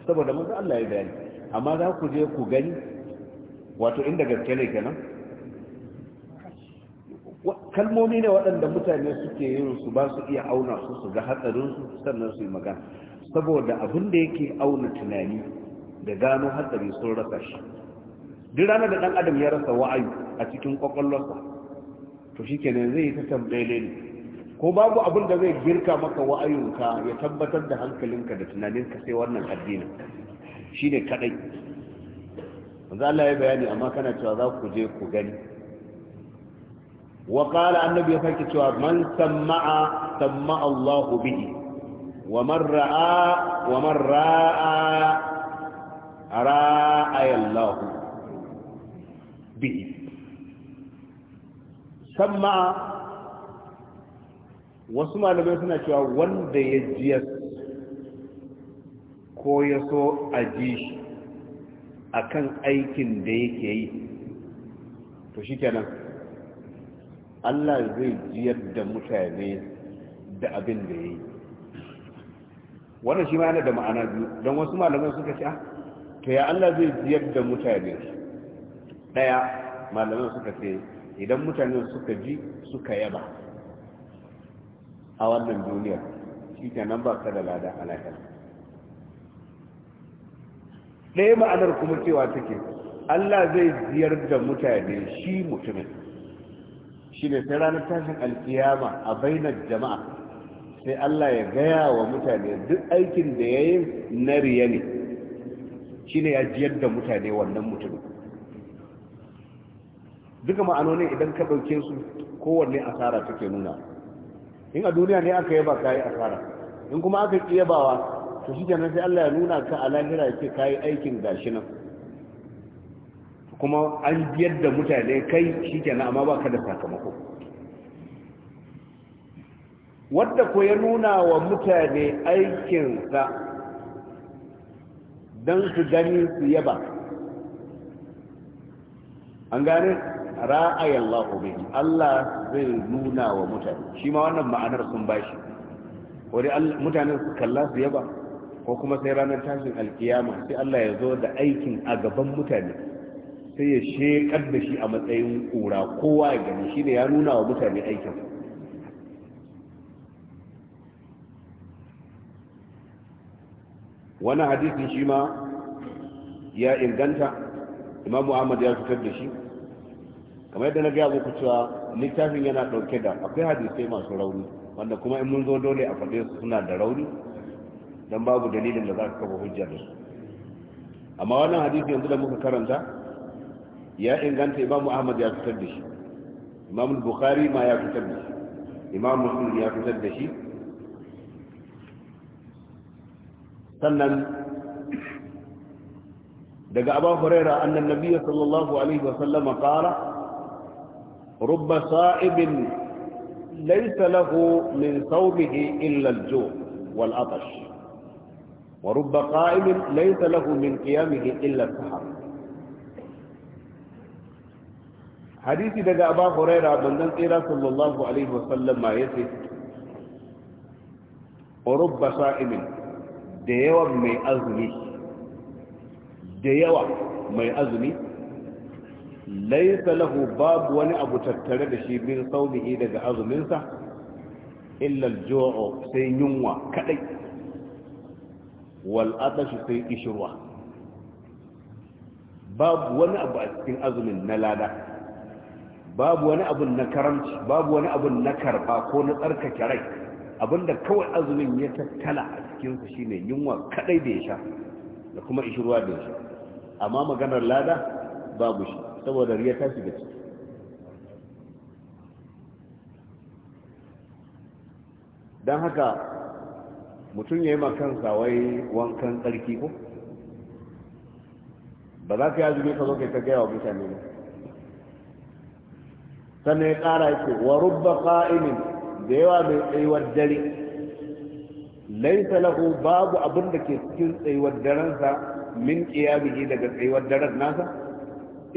saboda mun Allah ya bayani amma za ku je ku gani wato inda gaske ne kenan kalmomi ne waɗanda mutane suke yin su ba su iya auna su su ga hatsarin su sannan su yi magana saboda abin da yake auna tunani da gano hatsari sun rasa shi duk ranar da dan adam ya rasa wa'ayi a cikin kwakwalwarsa to shi kenan zai yi ta tambaye ne ko babu abin da zai girka maka wa'ayinka ya tabbatar da hankalinka da tunaninka sai wannan addinin shi ne kaɗai za Allah ya bayani amma kana cewa za ku je ku gani wa qala annabi ya sake cewa man sama'a sama'a Allahu bihi wa man ra'a wa man ra'a ra'ayallahu bihi sama wasu malamai suna cewa wanda ya jiya ko ya so a ji shi a kan aikin da yake yi to shi kenan allah zai jiyar da mutane da abin da ya yi wannan shi ma yana da ma'ana biyu don wasu malamai suka ce ah, to ya Allah zai ziyar da mutane daya malamin suka ce idan mutane suka ji suka yaba a wannan duniyar shi nan ba ka da lada a lahira ɗaya ma'anar kuma cewa take Allah zai ziyar da mutane shi mutumin shi ne sai ranar tashin alkiyama a bainar jama'a sai Allah ya gaya wa mutane duk aikin da ya yi na riya ne shine ya jiyar da mutane wannan mutumin duka ma'anonin idan ka ɗauke su kowanne asara take nuna in a duniya ne aka yaba kayi asara in kuma aka ƙi yabawa to shi kenan sai Allah ya nuna ka a lahira ce kayi aikin gashi nan kuma an biyar da mutane kai shi kenan amma ba ka da sakamako wadda ko ya nuna wa mutane aikinsa don su gani su yaba an gane ra'ayin Allah Allah zai nuna wa mutane shi ma wannan ma'anar sun bashi wani mutane su kalla su yaba ko kuma sai ranar tashin alkiyama sai Allah ya zo da aikin a gaban mutane sai ya shekar da shi a matsayin kura kowa ya gani shi ne ya nuna wa mutane aikin wannan hadisin shi ma ya inganta Imam ahmad ya fitar da shi kamar yadda na gaya muku cewa littafin yana ɗauke da akwai hadisai masu rauni wanda kuma in mun zo dole a faɗe su suna da rauni don babu dalilin da za ka kafa hujja da su amma wannan hadisi yanzu da muka karanta ya inganta Imam ahmad ya fitar da shi Imam bukhari ma ya fitar da shi Imam muslim ya fitar da shi sannan daga abu huraira annan nabiya sallallahu alaihi wasallama qala rubba sa'ibin laysa lahu min sawmihi illa al-ju' wal atash wa rubba qa'imin laysa lahu min qiyamihi illa al-sahar hadisi daga abu huraira bandan tsira sallallahu alaihi wasallama yace rubba sa'imin da yawa mai azumi da yawa mai azumi laisa lahu babu wani abu tattare da shi min saumihi daga azuminsa illa al-ju'u sai yunwa kadai wal atash sai kishwa babu wani abu a cikin azumin na lada babu wani abu na karamci babu wani abu na karba ko na tsarkake rai abinda kawai azumin ya tattala a cikinsu shine yunwa kadai da ya sha da kuma ishirwa da ya amma maganar lada babu shi saboda riya ta shiga ciki don haka mutum ya yi makansa wai wankan tsarki ko ba za ka yi azumi ka zo kai ta gaya wa mutane ba sannan ya ƙara yake wa rubba ƙa'imin da yawa mai tsayuwar dare laisa lahu babu abin da ke cikin tsayuwar daransa min qiyamihi daga tsayuwar daren nasa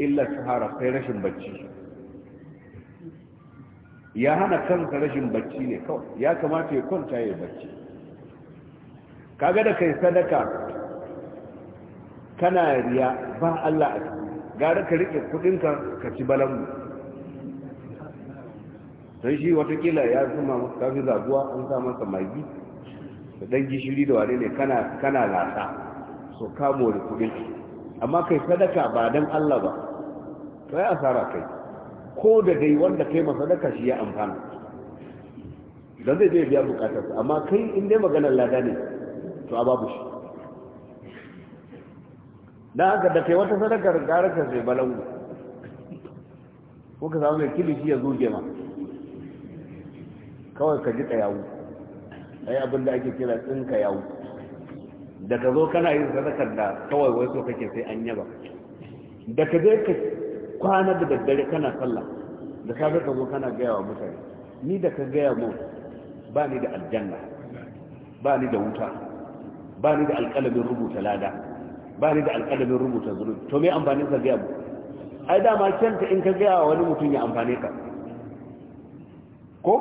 illa sahara sai rashin bacci ya hana kansa rashin bacci ne kawai ya kamata ya kwanta ya bacci kaga da kai sadaka kana riya ba Allah a ciki gara ka rike kudinka ka ci balanmu sai shi watakila ya zuma kafin zaguwa an sa masa magi da dan gishiri da wane ne kana kana lasa so ka mori kudin amma kai sadaka ba dan Allah ba kai asara kai ko da dai wanda kai ma sadaka shi ya amfana dan zai dai biya bukatarsa amma kai in dai maganar lada ne to a babu shi dan haka da kai wata sadakar gara ka sai balangu ko ka samu mai kilishi ya zuge ma kawai ka ji tsayawu ai abin da ake kira tsinka yawo da zo kana yin sadakar da kawai wai so kake sai an yaba da ka je ka kwana da daddare kana sallah da safe ka zo kana gaya wa mutane ni da ka gaya mu ba ni da aljanna ba ni da wuta ba ni da alƙalamin rubuta lada ba ni da alƙalamin rubuta zunubi to me amfanin ka gaya mu ai dama canta in ka gaya wa wani mutum ya amfane ka ko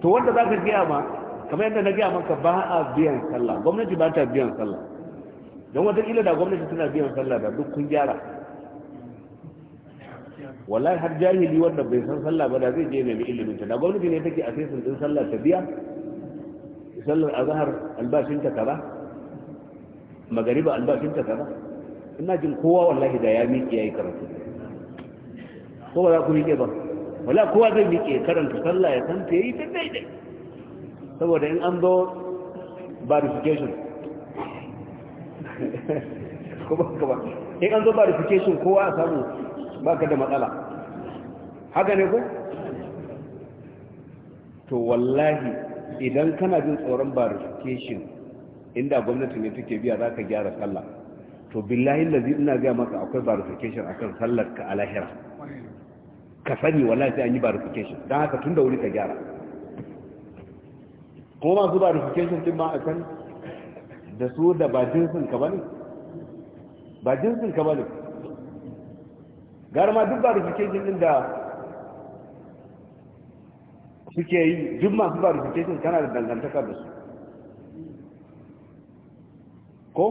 to wanda za ka gaya ma kamar yadda na gaya maka ba a biyan sallah gwamnati ba ta biyan sallah don ila da gwamnati tana biyan sallah da duk kun gyara wallahi har jahili wanda bai san sallah ba da zai je nemi ilimin ta da gwamnati ne take asesin din sallah ta biya sallar azhar albashin ta kaza magariba albashin ta kaza ina jin kowa wallahi da ya miƙe yayi karatu ko ba za ku miƙe ba wala kowa zai miƙe karanta sallah ya san ta yi daidai saboda in an zo verification in an zo verification kowa a samu baka da matsala haka ne ku? to wallahi idan kana jin tsoron verification inda gwamnati ne take biya za ka gyara sallah to billahi lazi ina gaya maka akwai verification akan sallar ka alahira ka sani wallahi sai an yi verification don haka tun da wuri ka gyara ko ma zuba verification din ma a can da su da ba jinsin ka ne ba jinsin ka bane gara ma duk verification din da suke yi duk masu verification kana da dangantaka da su ko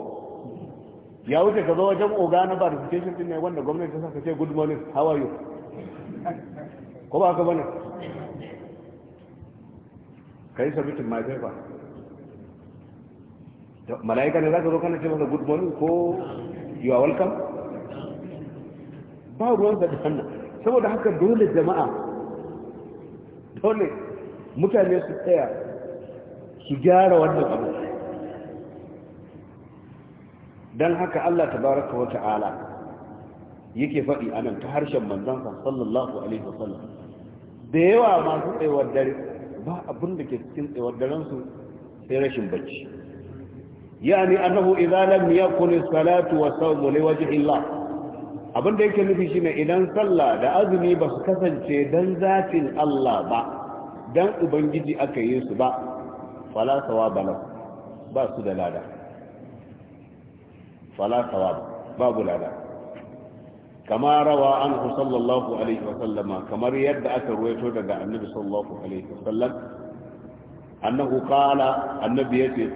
ya wuce ka zo wajen oga na verification din ne wanda gwamnati ta saka ce good morning how are you ko ba ka ne ka yi submitting my paper mala'ika ne za ka zo kana ce masa good morning ko you are welcome ba ruwan da dana saboda haka dole jama'a dole mutane su tsaya su gyara wannan abu don haka Allah tabaraka wa ta'ala yake faɗi anan ta harshen manzansa sallallahu alaihi wasallam da yawa masu wa dare ba abin da ke cikin tsawar darensu sai rashin bacci yani annahu idza lam yakun salatu wa sawm li wajhi Allah abin da yake nufi shine idan sallah da azumi ba su kasance dan zafin Allah ba dan ubangiji aka yi su ba fala ba su da lada fala babu lada kama rawa anhu sallallahu alaihi wasallam kamar yadda aka ruwaito daga annabi sallallahu alaihi wasallam annahu qala annabi yace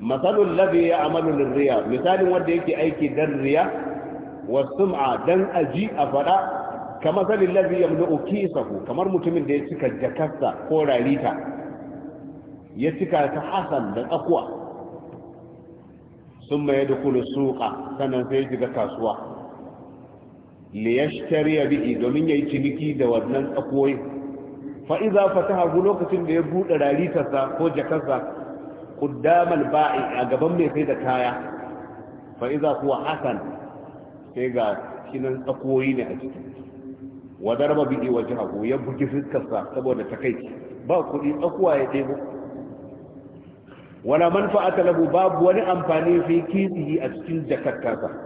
masalul ladhi ya'malu lirriya misalin wanda yake aiki dan riya wa sum'a dan aji a fada kama salil ladhi yamlu kisahu kamar mutumin da ya cika jakarta ko ralita ya cika ta hasan da tsakuwa sun mai da kula suka sannan sai ya shiga kasuwa liyashtari bi'i domin yayi ciniki da wannan tsakoyi fa idza fataha lokacin da ya bude raritarsa ko jakarsa quddamal ba'i a gaban mai sai da kaya fa idza huwa hasan sai ga kinan tsakoyi ne a ciki wa darba bi'i wajhahu ya buki fuskarsa saboda takeici ba kudi tsakuwa ya debo wala manfa'ata lahu babu wani amfani fi kisihi a cikin jakarkarsa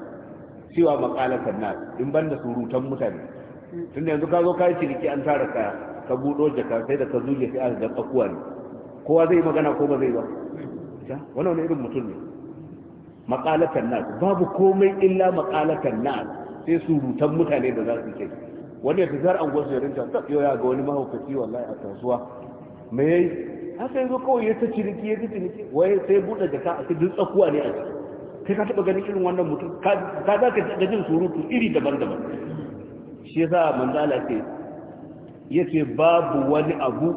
cewa makalatan na in ban da surutan mutane tun yanzu ka zo ka yi ciniki an tara kaya ka buɗo jaka sai da ka zuje sai aka ga kuwa ne kowa zai magana ko ba zai ba wani wani irin mutum ne makalatan na babu komai illa makalatan na sai surutan mutane da za su kai wani ya fi zar an gwasu yarin ta yau ya ga wani mahaukaci wallahi a kasuwa me yayi haka yanzu kawai ya ta ciniki ya ta ciniki wai sai buɗe jaka a cikin tsakuwa ne a ciki kai ka taba ganin irin wannan mutum ka za ka ga jin surutu iri daban-daban shi yasa manzala ce ce babu wani abu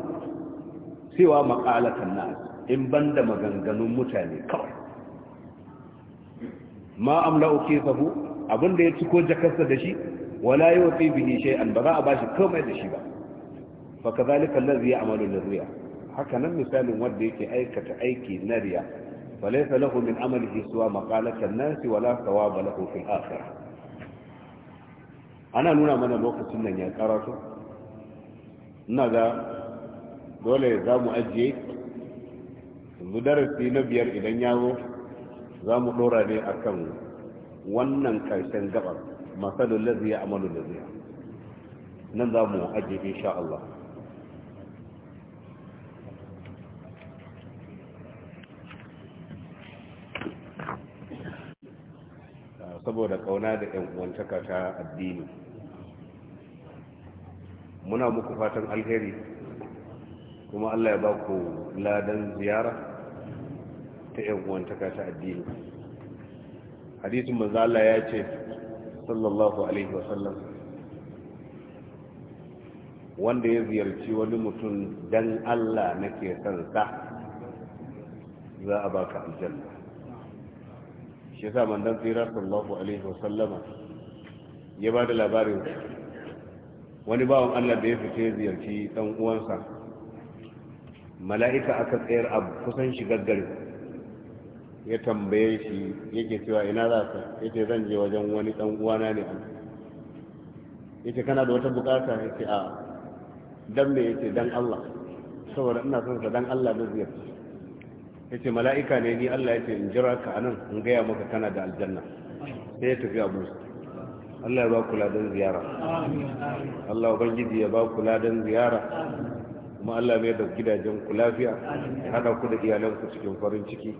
cewa makalatan na in banda maganganun mutane kawai ma amla'u kifahu abinda ya ciko jakarsa da shi wala yi bini shai an ba za a ba shi komai da shi ba ka zalika allazi ya'malu lirriya haka nan misalin wanda yake aikata aiki na riya فليس له من عمله سوى مقالة الناس ولا ثواب له في الآخرة أنا نونا من الوقت سنة يكارته نذا دولة زامو أجي مدرسي نبير إلى نياو زامو دوراني أكم wannan karshen gabar masalul ladzi ya'malu ladzi nan za mu ajiye insha Allah saboda kauna da yan uwantakata ta addini muna muku fatan alheri kuma Allah ya ba ku ladan ziyara ta yan ta addini hadisin manzo ya ce sallallahu alaihi wasallam wanda ya ziyarci wani mutum dan Allah nake son sa za a baka aljanna shi sa mandan tsira sallallahu alaihi wa sallama ya ba da labarin wani bawan Allah da ya fice ziyarci dan uwansa mala'ika aka tsayar a kusan shi gaggare. ya tambaye shi yake cewa ina za ka yace zan je wajen wani dan uwana ne an yace kana da wata bukata yace a dan me yace dan Allah saboda ina son sa dan Allah da ziyarci ya ce mala'ika ne ni Allah ya ce in jira ka nan in gaya maka kana da aljanna sai ya tafi abu Allah ya ba ku ladan ziyara Allah ubangiji ya ba ku ladan ziyara kuma Allah mai da gidajen ku lafiya ya hada ku da iyalan ku cikin farin ciki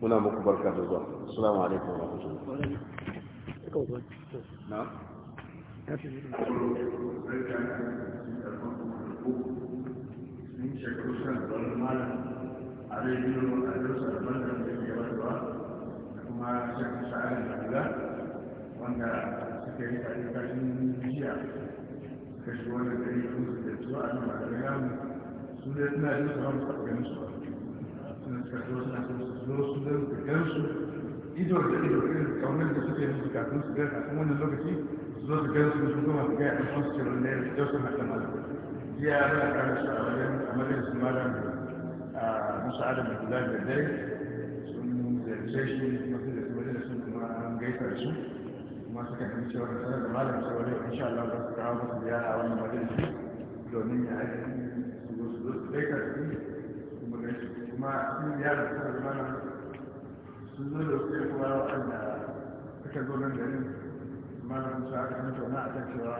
muna muku barka da zuwa assalamu alaikum wa rahmatullahi na Thank you. a rediyo a darussa daban-daban da ke warkewa da kuma shakka wanda suka yi a ƙarƙashin jiya suka shiga wannan gari da musu da cewa a nan ba da yamu su dai suna jin su hau su ganin su suna suka zo suna so su zo su zo su gan su ido da ido irin kaunar da suke musu kafin su gan kafin wannan lokaci su zo su gan su su gama su gaya a kan su musa adam da kula da dai sun zarce shi masu da su wajen sun kuma gaisa da su kuma suka kan cewa da da malam cewa yau insha Allah su kawo a wannan wajen su domin ya aiki su zo su zo su gaisa da su kuma gaisa kuma sun ziyara da sanar da malam sun zo da su kuma wanda suka zo nan garin malam musa aka kan tauna a kan cewa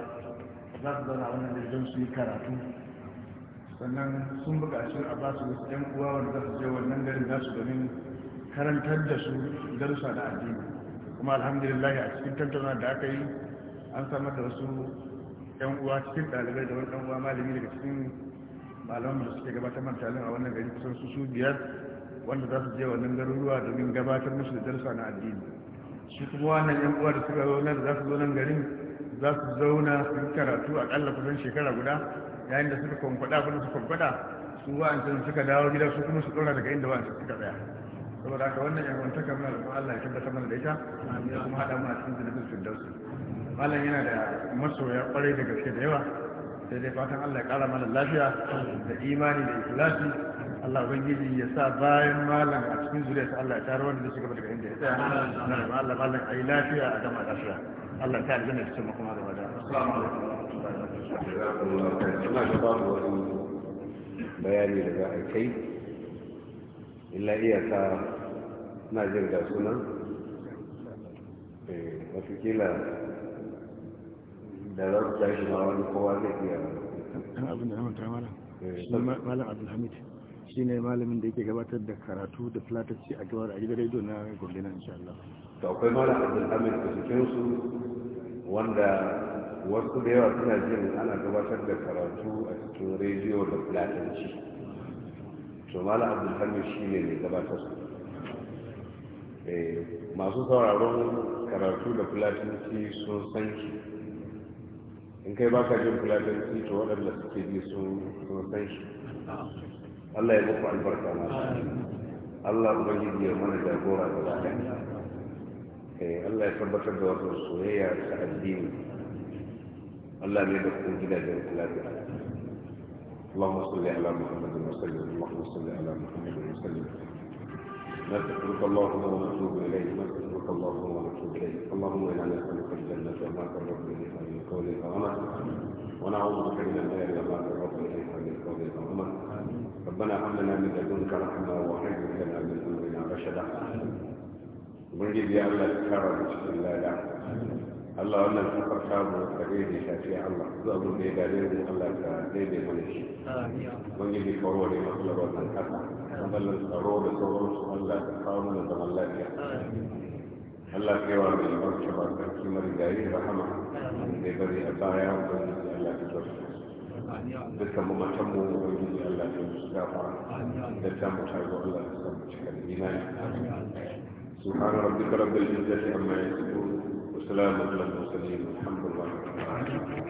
za su zana wannan da don su yi karatu sannan sun buga a ba su wasu yan uwa wanda za su je wannan garin za su domin karantar da su darussa da addini kuma alhamdulillah a cikin tantana da aka yi an samar da wasu yan uwa cikin ɗalibai da wani ɗan uwa malami daga cikin malaman da suke gabatar mantalin a wannan gari kusan su su biyar wanda za su je wannan garuruwa domin gabatar musu da darussa na addini shi kuma wannan yan uwa da suka zo nan za su zo nan garin za su zauna su karatu akalla kusan shekara guda yayin da suka kwankwada kuma su kwankwada su wa'ancan suka dawo gida su kuma su dora daga inda su suka tsaya saboda haka wannan yan wanta kamar alƙawar Allah ya tabbata mana da ita amma kuma hada mu a cikin zunubin firdausi malam yana da masoya kware da gaske da yawa sai dai fatan Allah ya ƙara mana lafiya da imani da ikhlasi Allah ubangiji ya sa bayan malam a cikin zuriyarsa Allah ya tare wanda zai shiga daga inda ya tsaya na Allah malam ai lafiya a gama lafiya Allah ya ta aljanna cikin makoma gaba da assalamu alaikum bayani da za a kai illa iyaka na jin ga sunan eh, watakila da za su tashi ma wani kowa zai iya ɗan abin da na manta malam eh, shi malam abdulhamid shi ne malamin da yake gabatar da karatu da filatarci a gabar a gidan rediyo na gobe na insha Allah. to akwai malam abdulhamid da cikinsu wanda wasu da yawa suna jin ana gabatar da karatu a cikin rediyo da fulatanci to mala abdulhamid shi ne mai gabatar eh, masu sauraron karatu da fulatanci sun san shi in kai baka jin fulatanci to waɗanda suke ji sun san shi allah ya muku albarka na allah ubangiji ya mana jagora da ɗaya eh, Allah ya tabbatar da wasu soyayya ta addini الله ما يدخل جلاله وثلاثه اللهم صل على محمد وسلم اللهم صل على محمد وسلم نستغفرك اللهم ونتوب اليك نستغفرك اللهم ونتوب اليك اللهم انا نسالك الجنه وما قرب اليها من قول وعمل ونعوذ بك من النار وما قرب اليها من قول وعمل ربنا هب لنا من لدنك رحمه وحب لنا من امرنا رشدا ونجد يا الله الكرم بسم الله Allah wannan kafar samu ka daidai shafi Allah za mu ne da daidai Allah ka daidai mana shi wani ne kawo ne matsalar wannan kasa matsalar tsaro da sauransu Allah ka kawo mana zaman lafiya Allah ka yawa mai barci ba ka kimar gari rahama da ya bari a baya wani Allah ka zarfi dukkan mamatan mu wani Allah ka yi su gafa da ta mutane Allah ka samu cikin imani سبحان ربك رب العزة عما يصفون والسلام على المرسلين والحمد لله رب العالمين